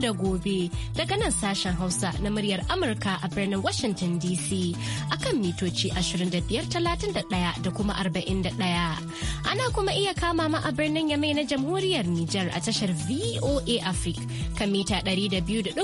da gobe daga nan sashen Hausa na muryar Amurka a birnin Washington DC akan mitoci 2531 da kuma 41. Ana kuma iya kama ma a birnin Yamai na Jamhuriyar Nijar a tashar VOA Africa kan mita 200.5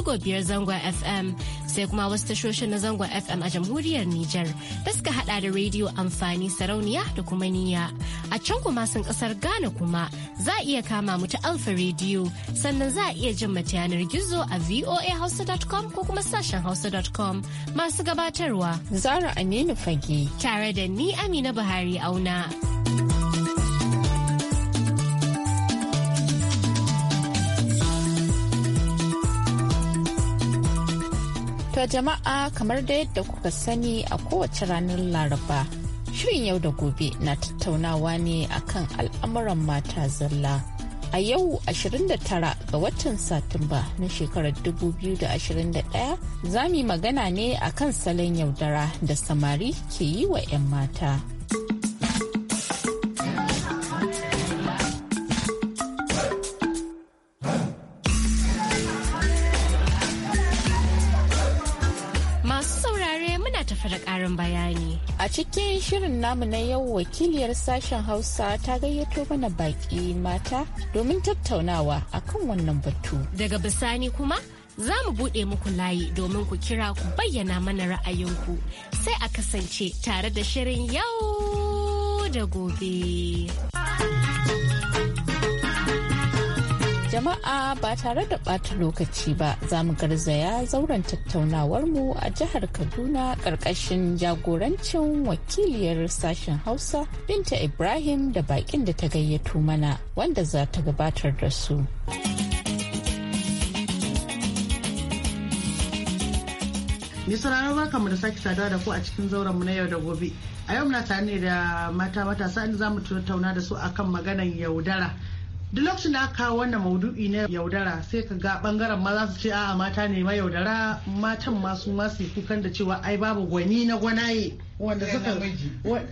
zangon FM sai kuma wasu tashoshin na zangon FM a jamhuriyar Nijar da suka hada da rediyo amfani sarauniya da kuma niya. A can kuma sun kasar Ghana kuma za a iya kama mu ta Alfa rediyo sannan za a iya jin mata yanar gizo a voahausa.com ko kuma sashen hausa.com masu gabatarwa. Zara Aminu Fage. Tare da ni Amina Buhari auna. ta jama'a kamar da yadda kuka sani a kowace ranar Laraba. Shirin yau da gobe na tattaunawa ne akan al'amuran mata zalla. A yau 29 ga watan Satumba na shekarar 2021 za mu magana ne akan salon yaudara da samari ke yi wa 'yan mata. Cikin shirin namu na yau wakiliyar sashen Hausa ta gayyato mana baki mata domin tattaunawa akan wannan batu. Daga bisani kuma za mu buɗe muku layi domin ku kira ku bayyana mana ra'ayinku sai a kasance tare da shirin yau da gobe. jama'a ba tare da ɓata lokaci ba za mu garzaya zauren tattaunawarmu a jihar kaduna ƙarƙashin jagorancin wakiliyar sashen hausa binta ibrahim da baƙin da ta gayyato mana wanda za ta gabatar da su. mu da sake saduwa da ku a cikin zauren mu na yau da gobe. A yau muna tare ne da mata matasa inda za mu tattauna da su akan maganan yaudara. duk lokacin da aka kawo wannan maudu'i na yaudara sai ka ga bangaren maza su ce a'a mata ne ma yaudara matan masu su kukan da cewa ai babu gwani na gwanaye wanda suka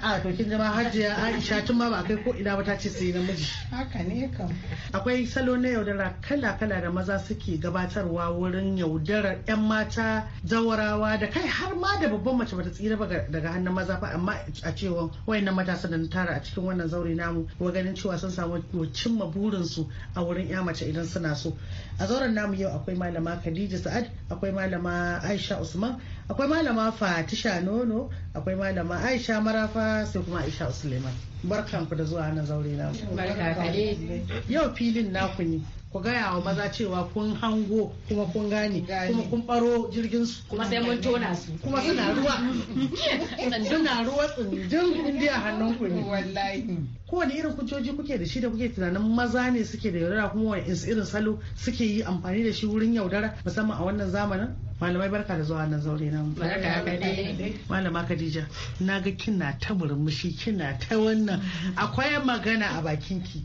a to kin hajiya aisha tun ma ba kai ko ina ba ta ce sai namiji haka ne kam akwai salo na yaudara kala kala da maza suke gabatarwa wurin yaudarar yan mata zawarawa da kai har ma da babban mace bata tsira ba daga hannun maza fa amma a cewa wayannan matasa da tara a cikin wannan zaure namu ko ganin cewa sun samu cimma burin su a wurin ya mace idan suna so a zauren namu yau akwai malama Khadija Sa'ad akwai malama Aisha Usman akwai malama fatisha nono akwai malama aisha marafa sai kuma aisha suleiman barkanku da zuwa nan zaure na yau filin naku ne ku gaya wa maza cewa kun hango kuma kun gane kuma kun baro jirgin su kuma sai mun tona su kuma suna ruwa suna ruwa tsindin indiya hannun ku ne wallahi kowane irin kujoji kuke da shi da kuke tunanin maza ne suke da yaudara kuma wani irin salo suke yi amfani da shi wurin yaudara musamman a wannan zamanin malamai barka da zuwa nan zaure nan malama khadija na ga kina ta murmushi kina ta wannan akwai magana a bakin ki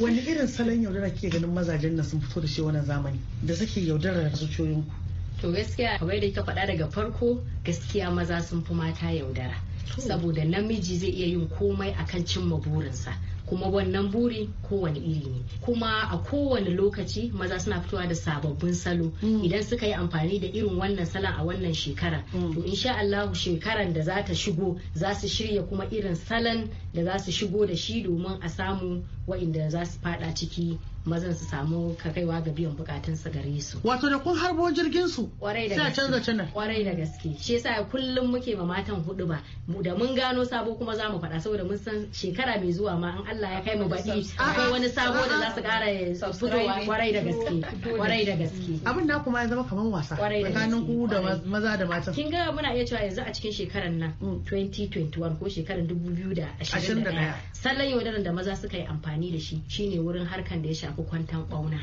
wani irin salon yaudara ke ganin mazajen nan sun fito da shi wannan zamani da suke yaudarar zuciyoyin ku to gaskiya kamar da kika faɗa daga farko gaskiya maza sun fi mata yaudara saboda namiji zai iya yin komai akan cimma burinsa kuma wannan buri kowane iri ne kuma a kowane lokaci maza suna fitowa da sababbin salo mm. idan suka yi amfani da irin wannan salon a wannan shekara mm. to insha Allah shekaran da za ta shigo za su shirya kuma irin salon da za su shigo da shi domin a samu wa'inda za su fada ciki mazan su samu kaiwa ga biyan bukatun su gare su wato da kun harbo jirgin su kwarai da gaske canza canza kwarai da gaske shi yasa kullum muke ma matan hudu ba da mun gano sabo kuma za mu faɗa saboda mun san shekara mai zuwa ma an Allah ya kai mu baɗi akwai wani sabo da za su ƙara fitowa kwarai da gaske kwarai da gaske abin da kuma ya zama kamar wasa da tsakanin ku da maza da mata kin ga muna iya cewa yanzu a cikin shekarar nan 2021 mm. ko shekarar 2021 salon yaudaran da maza suka yi amfani da shi shine wurin harkan da ya shafi kwantan ƙauna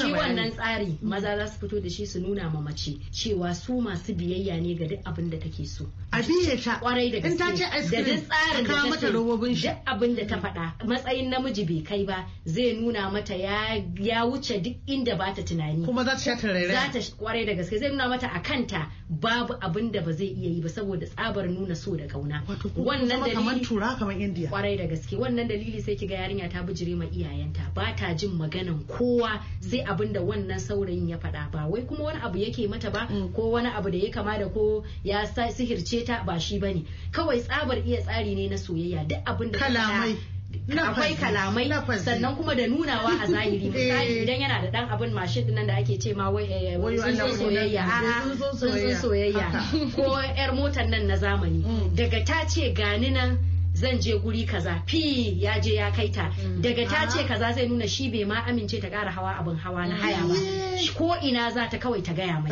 shi wannan tsari maza za su fito da shi su nuna ma mace cewa su masu biyayya ne ga duk abin da take so a biye ta kwarai da gaske ce ice cream ka mata robobin shi duk abin da ta faɗa matsayin namiji bai kai ba zai nuna mata ya wuce duk inda ba ta tunani kuma za ta sha tarare za ta kwarai da gaske zai nuna mata a kanta babu abin da ba zai iya yi ba saboda tsabar nuna so da kauna wannan dalili kamar tura kamar indiya kwarai da gaske wannan dalili sai kiga yarinya ta bijire ma iyayenta ba ta jin maganan kowa sai abin da wannan saurayin ya faɗa ba wai kuma wani abu yake mata ba mm. ko wani abu da ya kama da ko ya sihirce ita ba shi bane kawai tsabar iya tsari ne na soyayya duk abin da kalamai akwai kalamai sannan kuma da nunawa a zahiri misali eh. idan yana da dan abin mashin nan da ake ce ma tsuntsun soyayya soyayya ko yar motar nan na zamani mm. daga ta ce gani nan zan je guri kaza fi ya je ya kai ta mm. daga ta ce kaza zai nuna shi bai ma amince ta kara hawa abin hawa na haya ba ko ina za ta kawai ta gaya mai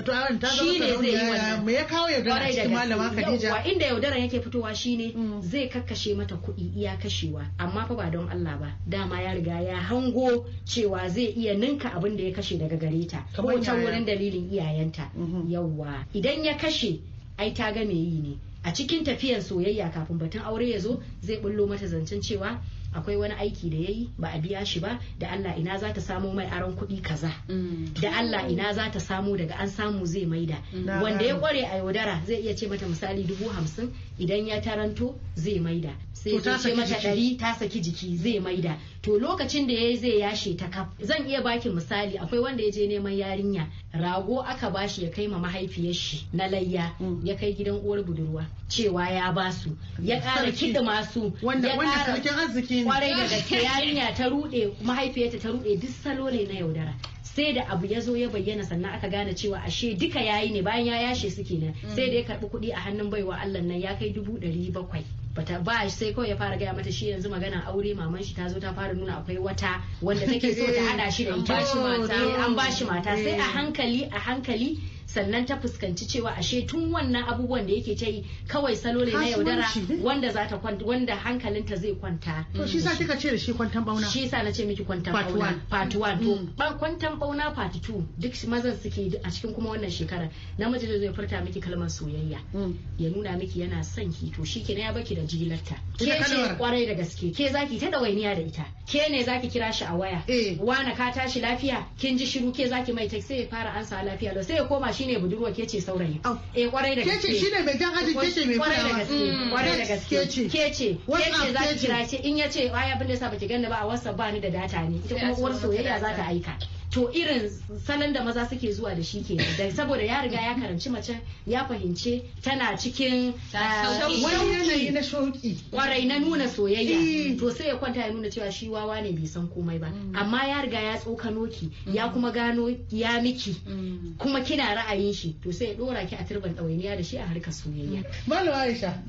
shi ne zai yi wannan me ya kawo yaudara cikin inda yaudaran yake fitowa shine mm. zai kakkashe mata kuɗi iya kashewa amma fa ba don Allah ba dama ya riga ya hango cewa zai iya ninka abin da ya kashe daga gare ta ko ta wurin dalilin iyayenta mm-hmm. yawwa idan ya kashe ai ta ga me yi ne a cikin tafiyan soyayya kafin batun aure ya zo zai bullo mata zancen cewa akwai wani aiki da yayi ba a biya shi ba da Allah ina za ta samo mai aron kuɗi kaza mm. da Allah ina za ta samo daga an samu zai maida mm. wanda ya kware a yaudara zai iya ce mata misali dubu hamsin idan ya taranto zai maida sai ya ce mata ɗari ta saki jiki zai maida to lokacin da ya zai yashe ta kaf zan iya baki misali akwai wanda ya je neman yarinya rago aka bashi ya kai ma mahaifiyar shi na layya mm. ya kai gidan uwar budurwa cewa ya basu ya ƙara kidda masu wanda wanda sarkin arziki kwarai da gaske yarinya ta rude mahaifiyarta ta rude duk salo ne na yaudara sai da abu ya zo ya bayyana sannan aka gane cewa ashe duka yayi ne bayan ya yashe su kenan mm. sai da ya karbi kuɗi a hannun baiwa Allah nan ya kai dubu ɗari bakwai bata ba sai kawai ya fara gaya mata shi yanzu magana aure maman shi ta zo ta fara nuna akwai wata wanda take so ta hada shi da ita an eh, shi mata sai a hankali a hankali sannan ta fuskanci cewa ashe tun wannan abubuwan da yake ta yi kawai salo ne na yaudara wanda za ta kwanta wanda hankalinta zai kwanta to shi sa kika ce da shi kwantan bauna shi sa na ce miki kwantan bauna part to mm. ba kwantan bauna part duk mazan suke a cikin kuma wannan shekarar namiji da zai furta miki kalmar soyayya mm. ya nuna miki yana son ki to shi kenan ya baki da jigilarta ke ce kwarai da gaske ke zaki ta dawainiya da ita ke ne zaki kira shi a waya eh. wana ka tashi lafiya kin ji shiru ke zaki mai taxi ya fara ansa lafiya sai ya koma shi shine budurwa ke ce saurayi eh kwarai da gaske ke ce shine mai jan ajin ke ce mai kwarai da gaske mm. kwarai da gaske ke ce ke ce za ki kira ce in ya ce ai abin da yasa baki ganni ba a whatsapp ba ni da data ne ita kuma uwar soyayya za ta aika to irin salon da maza suke zuwa da shi ke da saboda ya riga ya karanci mace ya fahimce tana cikin eh, wani na shauki kwarai na nuna soyayya eh. to sai ya kwanta ya nuna cewa shi wawa ne bai san komai ba mm. amma ya riga ya tsokano ki ya mm. kuma gano ya miki mm. kuma kina ra'ayin shi to sai ya dora ki a turban ɗawainiya da shi a harka soyayya Malam aisha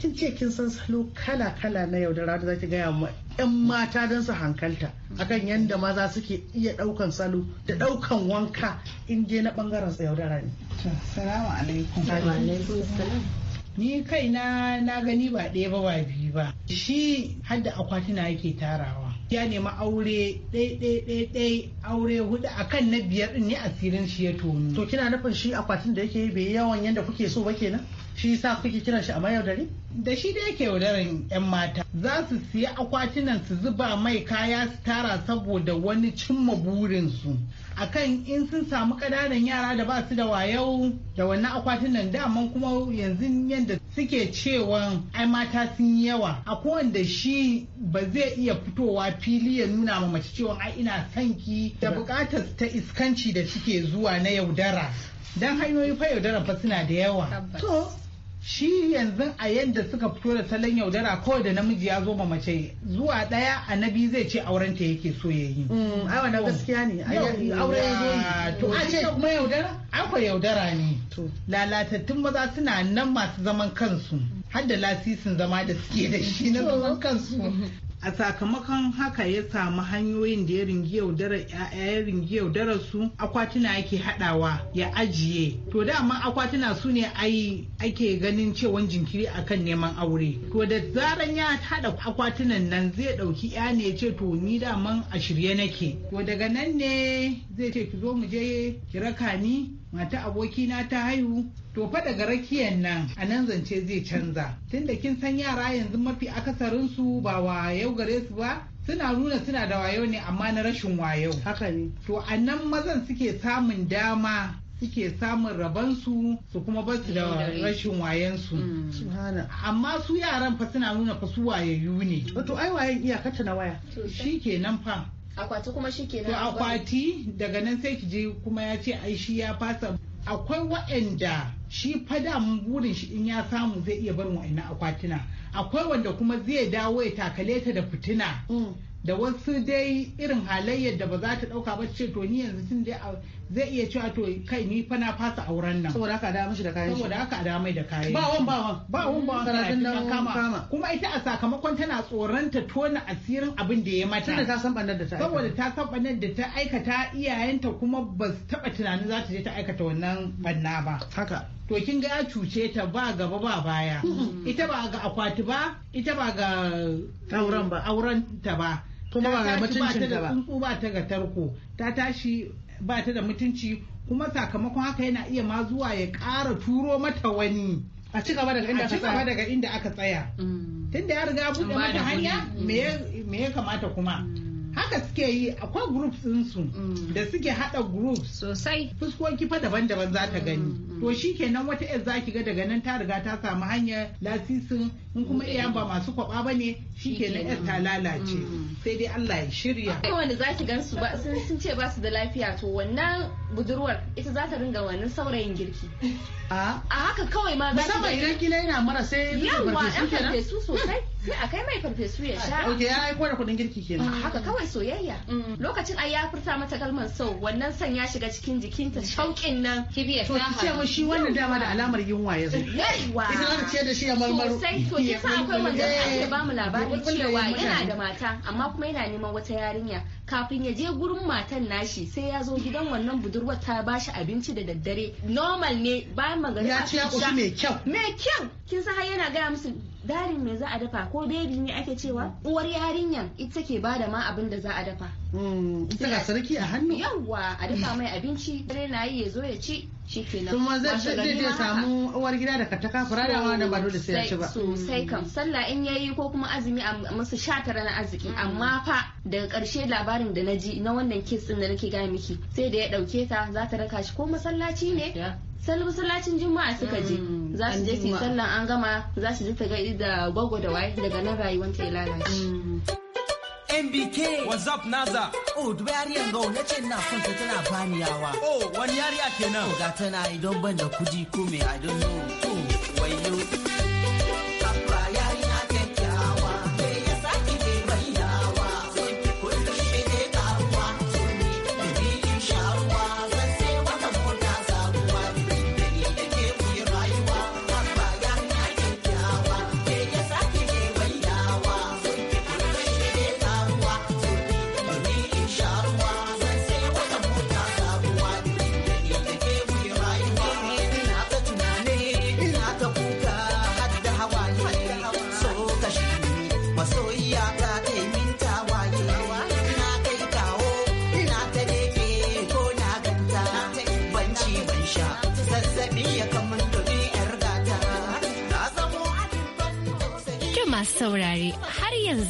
kin ce kin san salo kala kala na yau da rana zaki gaya 'yan mata don su hankalta akan yadda maza suke iya ɗaukan salo da ɗaukan wanka in je na bangaren tsayaudara ne. Salamu alaikum. Ni kaina na gani ba ɗaya ba ba biyu ba. Shi hadda akwatina yake tarawa. Ya nema aure ɗai aure hudu a kan na biyar ne asirin shi ya tonu. To kina nufin shi akwatin da yake bai yawan yadda kuke so ba kenan? Shi sa kuke kiran shi a mayaudari? da shi da yake yaudaran 'yan mata za su siya akwatunan su zuba mai kaya su tara saboda wani cimma burinsu akan in sun samu ƙananan yara da ba su da wayau da wannan akwatunan daman kuma yanzu yadda suke cewa ai mata sun yi yawa a kowanda shi ba zai iya fitowa fili ya nuna ma mace cewa ai ina sanki. da bukatar ta iskanci da suke zuwa na yaudara don hanyoyi fa yaudara ba suna da yawa shi yanzu a yadda suka fito da salon yaudara kawai da namiji ya zo ma mace zuwa daya annabi zai ce auren ta yake so ya yi mm, gaskiya ne auren ya to a ce kuma yaudara akwai yaudara ne lalatattun maza suna nan masu zaman kansu har da lasisin zama da suke da shi na zaman kansu a sakamakon haka ya samu hanyoyin da ya ringi yaudarar ya su akwatuna ake hadawa ya ajiye to dama akwatuna su ne ake ganin cewan jinkiri akan neman aure to da zaran ya hada akwatunan nan zai dauki ya ne ce to ni daman a shirye nake to daga nan ne zai ce ki zo mu je ki raka ni mata abokina ta haihu To fa daga rakiyan nan a nan zance zai canza. Tunda kin san yara yanzu mafi akasarinsu ba wayau gare su ba suna nuna suna da wayo ne amma na rashin wayo. Haka ne. To a nan mazan suke samun dama suke samun rabansu su kuma ba su da rashin wayansu. Mm. Amma su yaran fa suna nuna fa su wayayyu ne. Wato ai wayan iyakata na waya. Shi kenan fa. Akwati kuma shi kenan. To akwati daga nan sai ki je kuma ya ce ai shi ya fasa akwai waɗanda shi fa mun burin shi in ya samu zai iya barin wa'annan akwatuna akwai wanda kuma zai dawo ya takale ta da fitina mm. da wasu dai irin halayyar da ba za ta dauka ba ce to ni yanzu tun dai zai iya cewa to kai ni fa na fasa auren nan saboda haka da mishi da kayan saboda haka da mai da kayan ba wan ba wan ba wan ba wan kama kuma ita a sakamakon tana tsoron ta tona asirin abin da ya mata tunda ta san bannan da ta saboda ta san bannan da ta aikata iyayenta kuma ba su taba tunanin za ta je ta aikata wannan banna ba haka to kin ga cuce ta ba gaba ba baya ita ba ga akwati ba ita ba ga auren ba auren ta ba kuma ba ga mutuncin ta ba ba ta ga ta tashi ba ta da mutunci kuma sakamakon haka yana iya ma zuwa ya ƙara turo mata wani a ci gaba daga inda aka tsaya tunda ya riga buɗe mata hanya me ya kamata kuma mm. haka suke yi akwai groups su mm. da suke hada groups sosai fuskoki fa daban-daban za ta mm, gani mm, to shi kenan wata yar za ki ga daga nan ta riga ta samu hanyar lasisin in kuma iya ba masu kwaba ba ne shi kenan yar ta lalace sai dai Allah ya shirya kai wanda za ki gan su sun ce ba su da lafiya to wannan budurwar ita za ta ringa wani saurayin girki a haka kawai ma za ta musamman idan kila yana mara sai yawa yan farfesu sosai sai a kai mai farfesu ya sha oke ya aiko da kudin girki kenan ah, haka kawai soyayya mm. lokacin ai ya furta mata kalmar so wannan san ya shiga cikin jikinta shauƙin nan Kibiyar ta to ce shi wannan dama da alamar yunwa ya zo yawa ta ce da shi ya to akwai wanda ake ba mu labari eh. cewa yana da mata amma kuma yana neman wata yarinya kafin ya je gurin matan nashi sai ya zo gidan wannan budurwar ta bashi abinci da daddare normal ne bayan magana ya ci ya mai kyau mai kyau kin san har yana gaya musu Darin me za a dafa ko bebi ne ake cewa mm. uwar yarinyan ita ke bada ma abin da za a dafa mm, ita ga sarki a hannu yawwa a dafa mai abinci dare na yi ya zo ya ci shikenan kuma zai zai samu uwar gida da kataka fura da ma da sai ya ci ba sosai kam sallah in yayi ko kuma azumi a sha tara na arziki mm. amma fa daga karshe labarin da na ji na wannan kes din da nake ga miki sai da ya dauke ta za ta raka shi ko masallaci ne sallu masallacin juma'a suka je mm. za su je su sallan an gama za su je ta ga da gwagwa da waye daga nan ta ya lalace mm. NBK What's up, Naza? Oh, dubai yariyan gau na ce na son ta tana bani yawa. Oh, wani yariya kenan. Oh, ga tana idan ban da kuji ko mai I oh,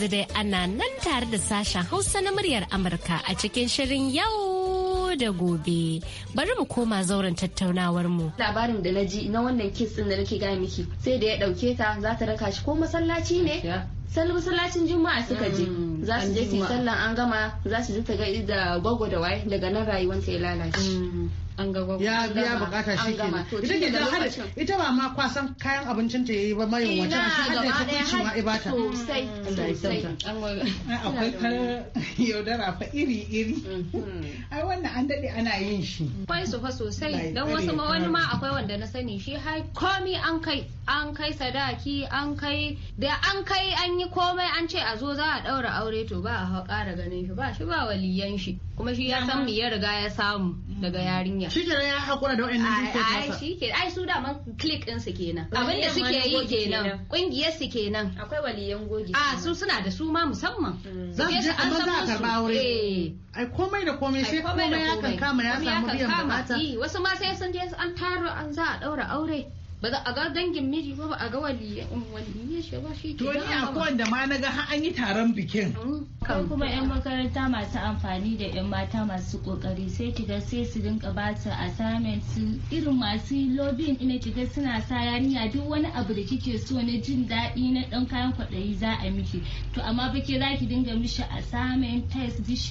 yanzu dai ana nan tare da sashen Hausa na muryar Amurka a cikin shirin yau da gobe. Bari mu koma zauren tattaunawar mu. Labarin da na ji na wannan kes din da nake gaya miki sai da ya dauke ta za ta raka shi ko masallaci ne? Sallu masallacin Juma'a suka je. Mm, za su je su sallan an gama za su ji ta ga da gwagwa da waye daga nan rayuwanta ya lalace. Mm. ya biya bukata shi kenan ita ke da hada ita ba ma kwasan kayan abincin ta yayi ba mai wata shi da ta kunci ma ibata sosai sosai akwai kar yaudara fa iri iri mhm. ai wannan an dade ana yin shi kwai su fa sosai dan wasu ma wani ma akwai wanda na sani shi har komi an kai an kai sadaki an kai da an kai an yi komai an ce a zo za a daura aure to ba a kara ganin shi ba shi ba waliyan shi kuma shi ya san me ya riga ya samu daga mm. yarinya shi kenan ya hakura da wa'annan dukiyar tasa shi ke ai su daman click din su kenan abin da suke yi kenan kungiyar su kenan akwai waliyan gogi a ah, su suna da su ma musamman mm. za su je amma za a karba aure eh. ai komai da komai sai komai ya kankama ya samu biyan bukata wasu ma sai sun je an taro an za a daura aure ba za a ga dangin miji ba a ga in um, shi ba shi to ni akwai wanda ma naga har an yi taron bikin mm, kan kuma yan makaranta masu amfani da yan mata masu kokari sai kiga sai su dinka ba su assignment su irin masu lobbying ina kiga suna sa yarinya duk wani abu da kike so na jin daɗi na dan kayan kwaɗayi za a miki to amma ba ke za ki dinga mishi assignment test dish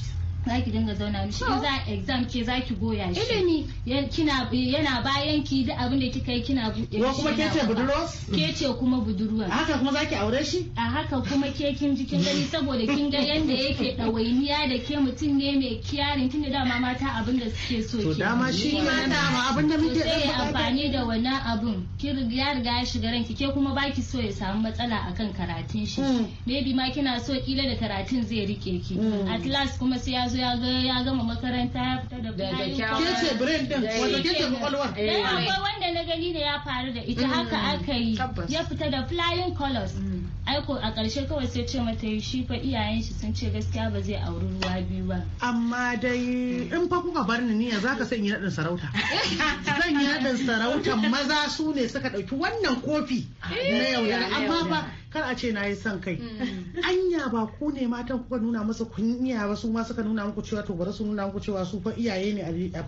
za ki dinga zauna mishi in za exam ke za ki goya shi ilimi kina yana bayan ki duk abin da kika yi kina buɗe shi kuma ke ce budurwa ke ce kuma budurwa haka kuma za ki aure shi a haka kuma ke kin ji kin gani saboda kin ga yanda yake dawainiya da ke mutum ne mai kiyarin tun da dama mata abin da suke so ke dama shi ma dama abin da muke sai ya amfani da wannan abun kin riga riga ya shiga ranki ke kuma baki so ya samu matsala akan karatun shi hmm. maybe ma kina so kila da karatun zai rike ki hmm. at last kuma sai ya zo ya ga ya gama makaranta ya fita da bayan ke ce brain din eh. wato ke eh. kwakwalwar dan eh, akwai wanda na gani da ya faru da ita haka mm. aka yi ya fita da flying colors mm. aiko a ƙarshe kawai sai ce mata shi fa iyayen shi sun ce gaskiya ba zai auri ruwa biyu ba amma dai in fa kuka bar ni niyya zaka san yi nadin sarauta zan yi nadin sarauta maza su ne suka ɗauki wannan kofi na yau amma kar a ce na yi son kai mm. anya ba ku ne matan kuka nuna masa kunya ba su ma suka nuna muku cewa to bari su nuna muku cewa su fa iyaye ne a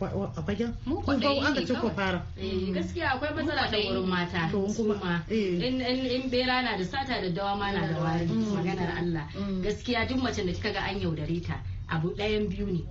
fagen mun fa aka ce ku fara eh, gaskiya akwai matsala da wurin mata to kuma eh. in in bera na da sata da dawa ma na da mm. wari mm. maganar Allah gaskiya duk mace da kika ga an yaudare ta abu ɗayan biyu ne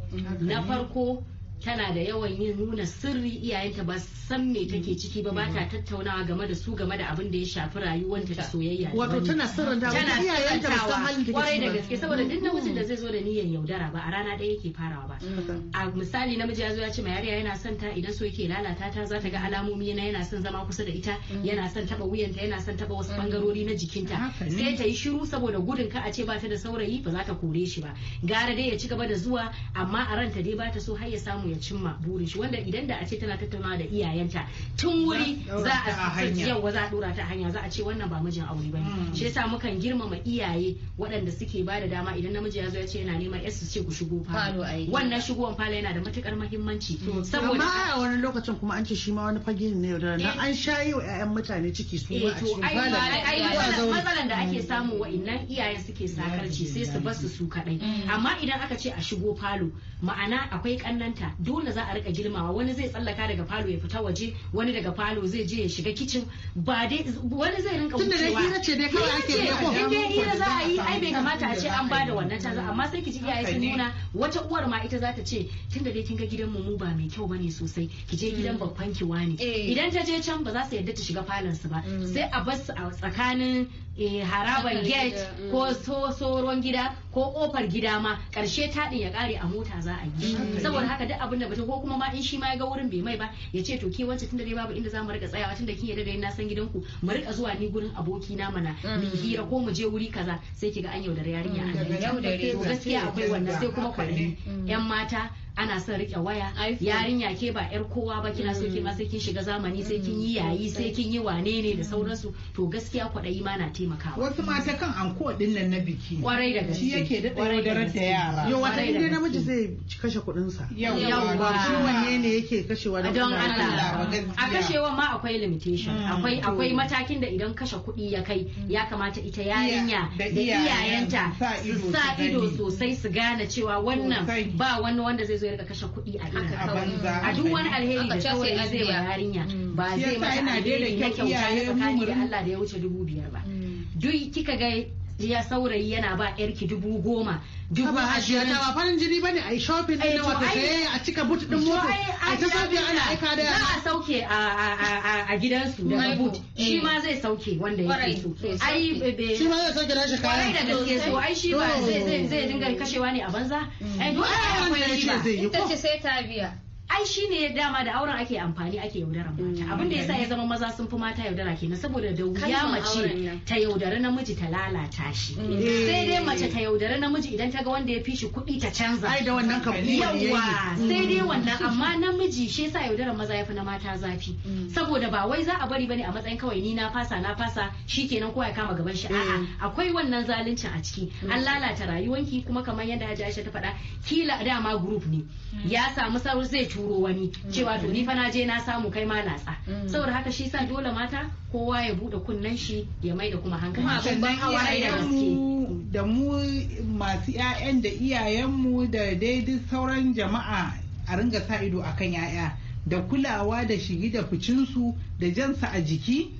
na farko tana da yawan yin nuna sirri iyayenta ba san me take ciki ba ba ta tattaunawa game da su game da abin da ya shafi rayuwanta da soyayya wato tana sirrin da tana iyayenta ba san halin da da gaske saboda duk mm. namijin da zai zo da niyyar yaudara ba a rana ɗaya yake farawa ba mm. a misali namiji yazo zo ya ce ma yariya yana son ta idan so yake lalata ta za ta ga alamomi na yana son zama kusa da ita mm. yana son taba wuyanta yana son taba wasu bangarori na jikinta sai ta yi shiru saboda gudun ka a ce ba ta da saurayi ba za ta kore shi ba gara dai ya ci gaba da zuwa amma a ranta dai ba ta so har ya samu ya cimma burin shi wanda idan da a ce tana tattaunawa da iyayenta tun wuri za a yau za a dora ta hanya za a ce wannan ba mijin aure bane mm. shi yasa mukan girmama iyaye waɗanda suke ba da dama idan namiji ya zo ya ce yana neman yarsu ce ku shigo falo wannan shigowan falo yana da matukar muhimmanci saboda amma a wani lokacin kuma an ce shi ma wani fage ne da na eh. an shayi wa ƴaƴan mutane ciki su eh, ba a cikin falo matsalan da ake mm. samu wa'annan iyayen suke sakarci sai su basu su kadai mm. amma idan aka ce a shigo falo ma'ana akwai kannanta dole za a rika girmawa wani zai tsallaka daga falo ya fita waje wani daga falo zai je ya shiga kicin ba dai wani zai rinka wucewa tunda hira ce dai kawai ake yi ko in dai hira za a yi ai bai kamata a ce an bada wannan canza amma sai ki ji iyaye sun nuna wata uwar ma ita za ta ce tunda dai kin ga gidan mu mu ba mai kyau bane sosai ki je gidan mm. babban ki wani eh. idan ta je can ba za su yadda ta shiga falon su ba mm. sai a bar su a tsakanin Eh, haraban gate mm. ko tsoron gida ko kofar gida ma karshe taɗin ya kare a mota za a yi mm. saboda haka duk abin da bata ko kuma ma in shi ma ya ga wurin bai mai ba ya ce to ke wance tunda dai babu inda za mu rika tsayawa tunda kin yadda da na san gidanku mu rika zuwa ni gurin aboki na mana mm. mu hira ko mu je wuri kaza sai ki ga an yaudare yarinya an gaskiya akwai wannan sai kuma kwaɗayi yan mata ana son rike waya yarinya ke ba yar kowa ba kina so ma mm. sai kin shiga zamani sai kin yi mm. yayi sai kin yi wane ne da mm. sauransu to gaskiya kwaɗayi ma na taimakawa wasu mata kan anko din nan na biki kwarai da gaske shi yake da yaudarar da yara yau wata inda namiji zai kashe kuɗin sa ba shi wanne ne yake kashewa da don Allah a kashewa ma akwai limitation akwai akwai matakin da idan kashe kuɗi ya kai ya kamata ita yarinya da iyayenta su sa ido sosai su gane cewa wannan ba wani wanda zai zo ya rika kashe kuɗi a ina kawai a duk wani alheri da saurayi zai wa yarinya mm. ba zai mata alheri na kyauta na tsakani da Allah da ya wuce dubu biyar ba mm. duk kika ga jiya saurayi yana ba yarki dubu goma dubu ashirin ba farin jini ba ne a yi shopping na wata saye a cika but ɗin moto a ta sauke ana aika da yana. za a sauke a gidansu da but eh. shi ma zai sauke wanda ya ke so ai bebe shi ma zai sauke da shi kayan da gaske so ai shi ba zai dinga kashewa ne a banza mm. ai duk ai akwai riba ita ce sai ta biya ai ne dama da auren ake amfani ake yaudaran mata mm, abin da sa ya zama maza sun fi mata yaudara kenan saboda da wuya mace ta yaudara namiji ta lalata shi mm. sai dai mace eh. ta yaudara namiji idan ta ga wanda ya fi shi kuɗi ta canza ai da wannan kamfani yawa sai dai wannan mm. amma namiji shi yasa yaudaran maza ya fi na mata zafi saboda ba wai za a bari bane a matsayin kawai ni na fasa na fasa shi kenan kowa ya kama gaban shi a'a akwai wannan zaluncin a ciki an lalata rayuwanki kuma kamar yadda Hajji Aisha ta faɗa kila dama group ne ya samu sauri zai turo wani cewa to ni fa na je na samu kai ma natsa mm. saboda haka shi sa dole mata kowa ya bude kunnan shi ya maida kuma hankali da mu masu 'ya'yan da iyayenmu da daidai sauran jama'a a ringa sa ido akan 'ya'ya da kulawa da shigi da ficinsu da jansa a jiki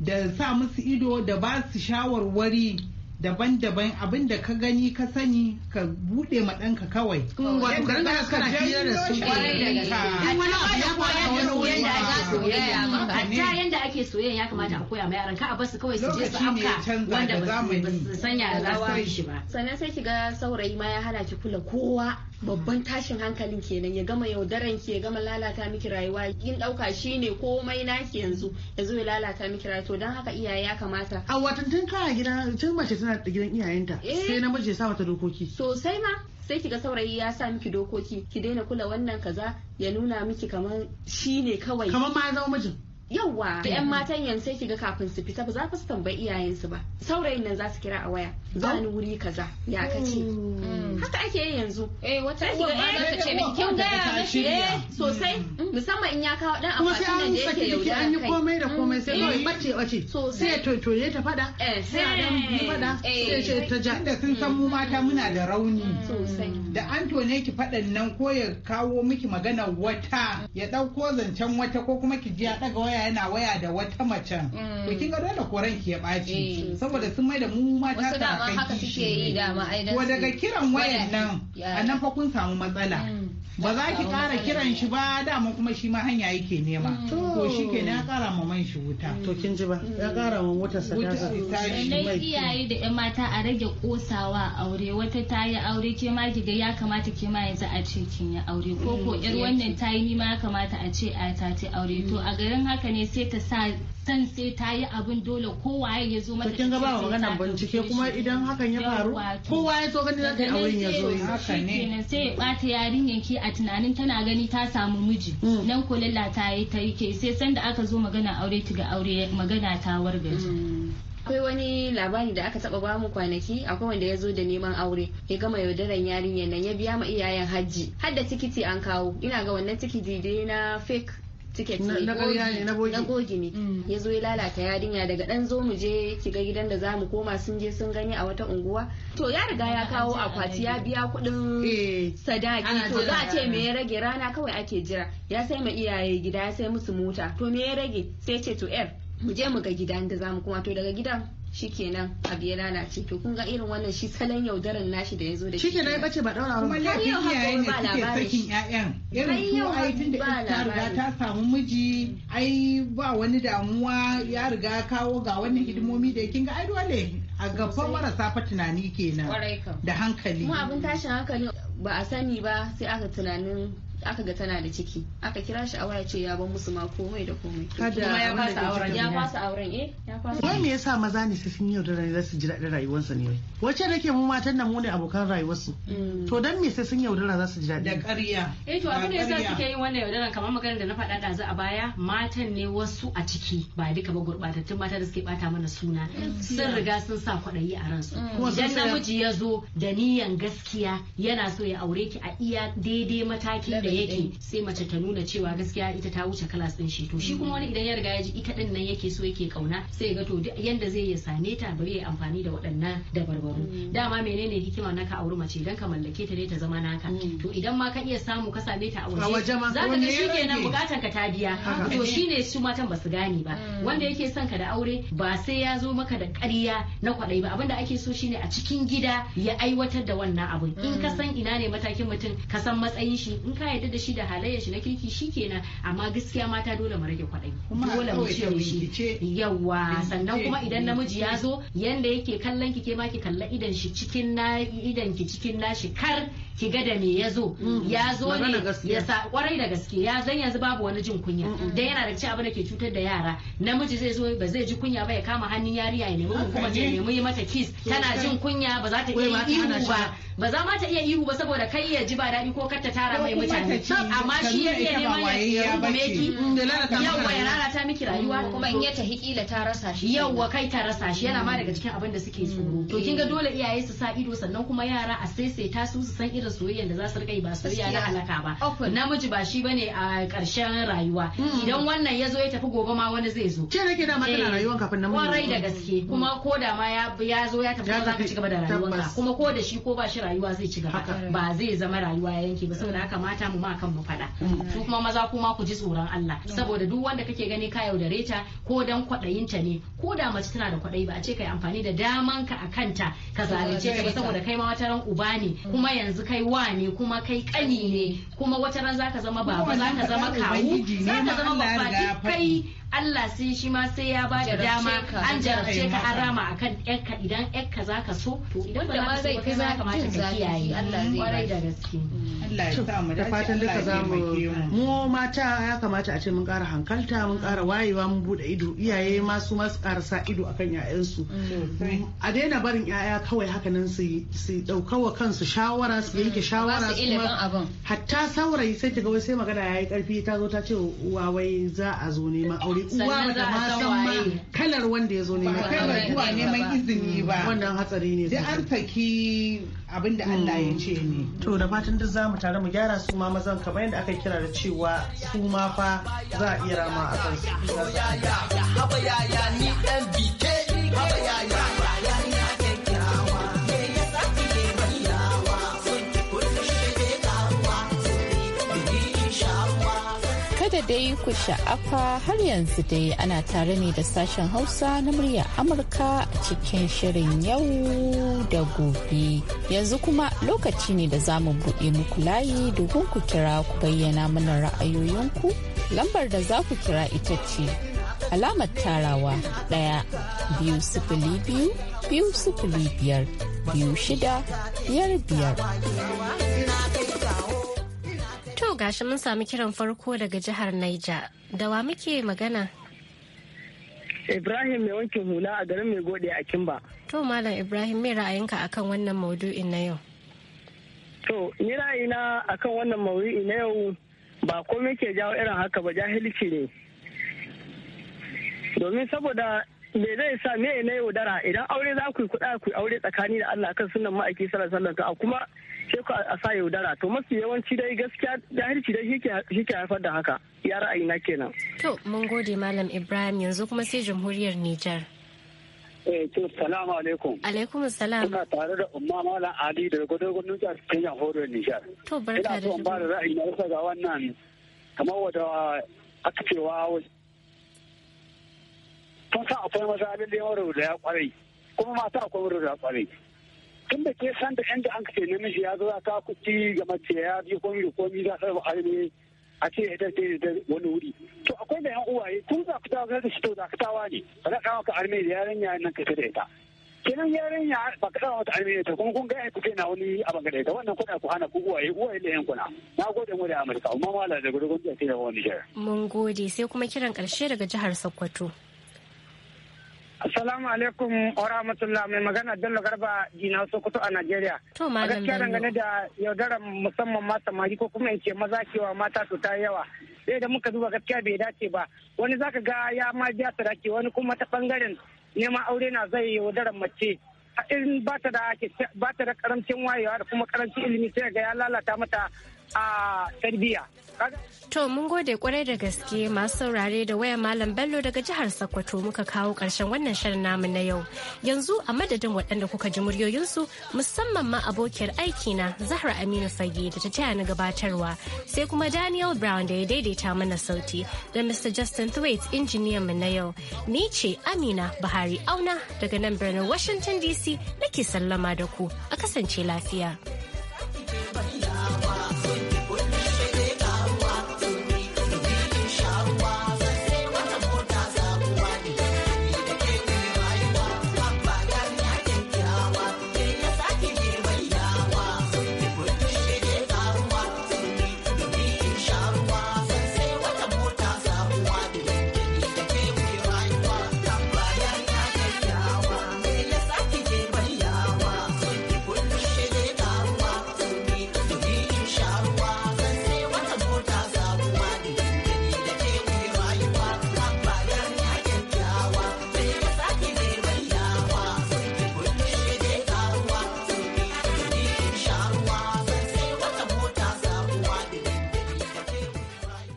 da sa musu ido da ba su shawarwari daban-daban abin da ka gani ka sani ka bude ma ɗanka kawai. Mm, wato ka rinka kana hira da su kwarai da wani abu ya koya da soyayya ya soyayya maka. Mm, hatta yanda ake soyayya ya kamata a koya ma yaran ka a basu kawai su je su afka wanda ba su sanya da za shi ba. Sannan sai kiga saurayi ma ya hana ki kula kowa babban tashin hankalin kenan ya gama yaudaran ki ya gama lalata miki rayuwa kin dauka shine komai naki yanzu yanzu ya lalata miki rayuwa to dan haka iyaye ya kamata. A watan tun kana gida tun mace suna da gidan iyayenta eh. sai namiji ya sa mata dokoki sosai ma sai kiga saurayi ya sa miki dokoki ki daina kula wannan kaza ya nuna miki kamar shi ne kawai kamar ma ya zama mijin yawwa da yan matan yanzu sai kiga kafin su fita ba za su tambayi iyayensu ba saurayin nan za su kira a waya za ni wuri kaza ya kace hmm. hmm. haka ake yi yanzu eh wata uwa ma za ta eh, ce miki kin ga ya shirya. Eh, sosai hmm. musamman in ya kawo dan akwatin nan da yake yaudara kai an yi komai da komai sai kawai bace bace sai ya toye ta fada eh, sai a dan yi fada sai ce ta ja da sun san mu mata muna da rauni sosai da an tone ki fadan nan ko ya kawo miki magana wata ya dauko zancen wata ko kuma ki ji ya daga waya waya yana waya da wata mace mm. to kin ga dole koran ki ya ɓaci eh. saboda sun mai da mu mata ta kai shi ko daga kiran wayan nan a nan fa kun samu matsala mm. ba za ki kara kiran shi ba dama kuma shi ma hanya yake nema mm. to shi ke na kara ma man shi wuta to kin ji ba ya kara ma wuta sa ta sannan iyaye da ƴan mata a rage kosawa aure wata ta yi aure ke ma ki ga ya kamata ke ma yanzu a ce kin yi aure ko ko yar mm, wannan ta yi nima ya kamata a ce a ta ce aure to a garin haka ne sai ta sa san sai ta yi abin dole kowaye ya zo mata kin ga ba magana bincike kuma idan hakan ya faru kowa ya zo ganin zaka aure ya zo haka ne sai ya bata yarinyar ki a tunanin tana gani ta samu miji mm. nan ko lallata yi ta yi ke sai sanda aka zo magana aure ta ga aure magana ta wargaji. Mm. akwai wani labari da aka taba bamu kwanaki akwai wanda ya zo da neman aure ya gama yaudaran yarinyar nan ya biya ma iyayen hajji hadda tikiti an kawo ina ga wannan tikiti dai na fake ticket ne na bogi ne mm. ya zo ya lalata yarinya daga dan zo mu je ki ga gidan da zamu koma sun je sun gani a wata unguwa to ya riga ya kawo akwati ya biya kuɗin eh, sadaki to za a ce me ya rage rana kawai ake jira ya sai ma iyaye gida ya sai musu mota to me ya rage sai ce to yar mu je mu ga gidan da zamu koma to daga gidan shikenan abu ya lalace to kun ga irin wannan shi salon yaudarar nashi da ya zo da shi shikenan bace ba daura kuma laifin iyaye ne kike sakin ƴaƴan irin ko ai tunda ta riga ta samu miji ai ba wani damuwa ya riga kawo ga wannan hidimomi da kin ga ai dole a gaban marasa fa tunani kenan da hankali mu abin tashin hankali ba a sani ba sai aka tunanin aka ga tana da ciki aka kira shi a waya ce ya ban musu ma komai da komai kuma ya fasa auren ya fasa auren eh ya fasa wai me yasa maza ne su sun yaudara da za su ji daɗin rayuwarsa ne Wace nake da ke mu matan nan mu ne abokan rayuwarsu mm. to dan me sai sun yaudara za su ji daɗi da ƙarya eh to abin da yasa suke yin wannan yaudaran kamar maganar da na faɗa da za a baya matan ne wasu a ciki ba duka ba gurɓatattun mata da suke bata mana suna sun riga sun sa kwaɗayi a ransu mm. idan namiji ya zo da niyan gaskiya yana so ya aure ki a iya daidai matakin da ɗaya sai mace ta nuna cewa gaskiya ita ta wuce kalas din shi to shi kuma wani idan ya riga ya ji ita din nan yake so yake kauna sai ga to yanda zai ya same ta bari ya amfani da waɗannan dabarbaru mm. dama menene hikima na ka auri mace dan ka mallake ta ne ta zama naka mm. to idan ma ka iya samu ka same ta a waje za ka ga shikenan bukatan ka ta biya to shine su matan basu gane ba mm. wanda yake son ka da aure ba sai ya zo maka da ƙarya na kwaɗayi ba abinda ake so shine a cikin gida ya aiwatar da wannan abin in ka san ina ne matakin mutum ka san matsayin shi in ka yadda da shi da halayyar shi na kirki shikenan amma gaskiya mata dole mu rage kwaɗayi dole mu cire shi yawa sannan kuma idan namiji ya zo yanda yake kallon ki ke ma ki kalla idan shi cikin na idan ki cikin na shi kar ki ga da me ya zo mm. ya zo ne ya sa kwarai da gaske ya zan yanzu babu wani jin kunya dan yana da ci abin da ke cutar da yara namiji zai zo ba zai ji kunya ba ya kama hannun yariya ya nemi kuma ya nemi mata kiss tana jin kunya ba za ta iya ihu ba ba za ma ta iya ihu ba saboda kai ya ji ba daɗi ko kar ta tara mai mutane amma shi ya iya neman ya rungume ki yawwa ya lalata miki rayuwa mm. kuma in ya tahi ta rasa shi yawwa kai ta rasa shi yana ma daga cikin abin da suke tsoro mm. to kin ga dole iyaye su sa ido sannan kuma yara a saisaita su su san irin soyayyar da za su rika yi ba soyayya na halaka ba namiji ba shi bane a ƙarshen rayuwa mm. idan wannan ya zo ya tafi gobe ma wani zai zo ke nake da magana eh. rayuwar kafin namiji kwarai da gaske kuma ko da ma ya zo ya tafi za ka ci gaba da rayuwarka kuma ko da shi ko ba shi rayuwa zai ci gaba ba zai zama rayuwa ya yanke ba saboda haka mata mu ma kan mu faɗa mm. su kuma maza kuma ku ji tsoron Allah mm. saboda duk wanda kake gani ka yaudare ta ko dan ta ne ko da mace tana da kwaɗayi ba a ce kai amfani da daman ka a kanta ka zalunce ta ba saboda kai ma wata ran uba ne mm. kuma yanzu kai wa ne kuma kai kani ne kuma wata ran zaka zama baba zaka zama kawu zaka zama babba kai Allah sai shi ma sai ya ba da dama an jarabce ka an rama a akan yarka idan yarka za ka so to idan ba ma zai kai za ka ka kiyaye Allah zai kwarai da gaske Allah ya mu da fatan duka za mu mu mata ya kamata a ce mun ƙara hankalta mun ƙara wayewa mun bude ido iyaye ma su ma su ƙara sa ido akan ƴaƴansu a daina barin ƴaƴa kawai haka nan su su wa kansu shawara su yanke shawara su kuma hatta saurayi sai kiga wai sai magana yayi karfi ta zo ta ce wa wai za a zo neman aure uwa da ma san ma kalar wanda ya zo ne kalar zuwa neman izini hmm. ba wannan hatsari ne sai an saki abin da Allah ya ce ne hmm. to da fatan duk zamu tare mu gyara su ma mazan kamar yadda aka kira da cewa su ma fa za a iya rama a kansu haba yaya ni dan bike haba yaya dai ku sha'afa har yanzu dai ana tare ne da sashen Hausa na murya Amurka a cikin shirin yau da gobe. Yanzu kuma lokaci ne da za mu buɗe muku layi domin ku kira ku bayyana mana ra'ayoyinku. Lambar da za ku kira ita ce alamar tarawa ɗaya biyu sifili biyu biyu sifili biyar biyu shida biyar biyar. gashi mun sami kiran farko daga jihar Naija. Da wa muke magana? Ibrahim mai wankin hula a garin mai gode a Kimba. To Malam Ibrahim me ra'ayinka akan wannan maudu'in na yau? To ni ra'ayina akan wannan maudu'i na yau ba komai ke jawo irin haka ba jahilci ne. Domin saboda me zai sa me na yaudara idan aure za ku yi kuɗa ku aure tsakani da Allah kan sunan ma'aiki sallar sallar ka kuma sai ku a sa yaudara to mafi yawanci dai gaskiya jahilci dai shi ke haifar da haka ya ra'ayi na kenan. To mun gode malam Ibrahim yanzu kuma sai jamhuriyar Nijar. Eh to salamu alaikum. Alaikum salam. ina tare da umma malam Ali da gudu nuna a Kenya horiyar Nijar. To barka da. Ina so ba da ra'ayi na ga wannan kamar wadda aka cewa kun san akwai maza lalle da ya kwarai kuma mata akwai da ya kwarai tun da ke san da yan da an kace namiji ya zo ka kuki ga mace ya bi komi da komi za ta ne a ce ita ce da wani wuri to akwai da yan uwaye kun za ku tawa da shi to za ka tawa ne ba za ka maka arme da yarinya nan ka da ita kenan yarinya ba ka tawa mata arme ta kuma kun ga yan kuke na wani a da ita wannan kuna ku hana ku uwaye uwaye da yan kuna na gode mu da amurka amma mala da gurgun da ke da wani jira. mun gode sai kuma kiran karshe daga jihar sokoto Assalamu alaikum wa rahmatullah mai magana Bello Garba Dina Sokoto a Najeriya. To malam Gaskiya dangane da yaudarar musamman ma samari ko kuma ce maza kewa mata su ta yawa. Sai da muka zuba gaskiya bai dace ba. Wani zaka ga ya ma biya sadaki wani kuma ta bangaren neman aure na zai yaudaran mace. in ba ta da ba karamcin wayewa da kuma karancin ilimi sai ga ya lalata mata a Serbia. To mun gode kwarai da gaske masu saurare da waya Malam Bello daga jihar Sokoto muka kawo ƙarshen wannan shirin namu na yau. Yanzu a madadin waɗanda kuka ji muryoyinsu musamman ma abokiyar aikina Zahra Aminu Fage da ta taya na gabatarwa sai kuma Daniel Brown da ya daidaita mana sauti da Mr. Justin Thwaites injiniyan na yau. Ni ce Amina Buhari Auna daga nan birnin Washington DC nake sallama da ku a kasance lafiya.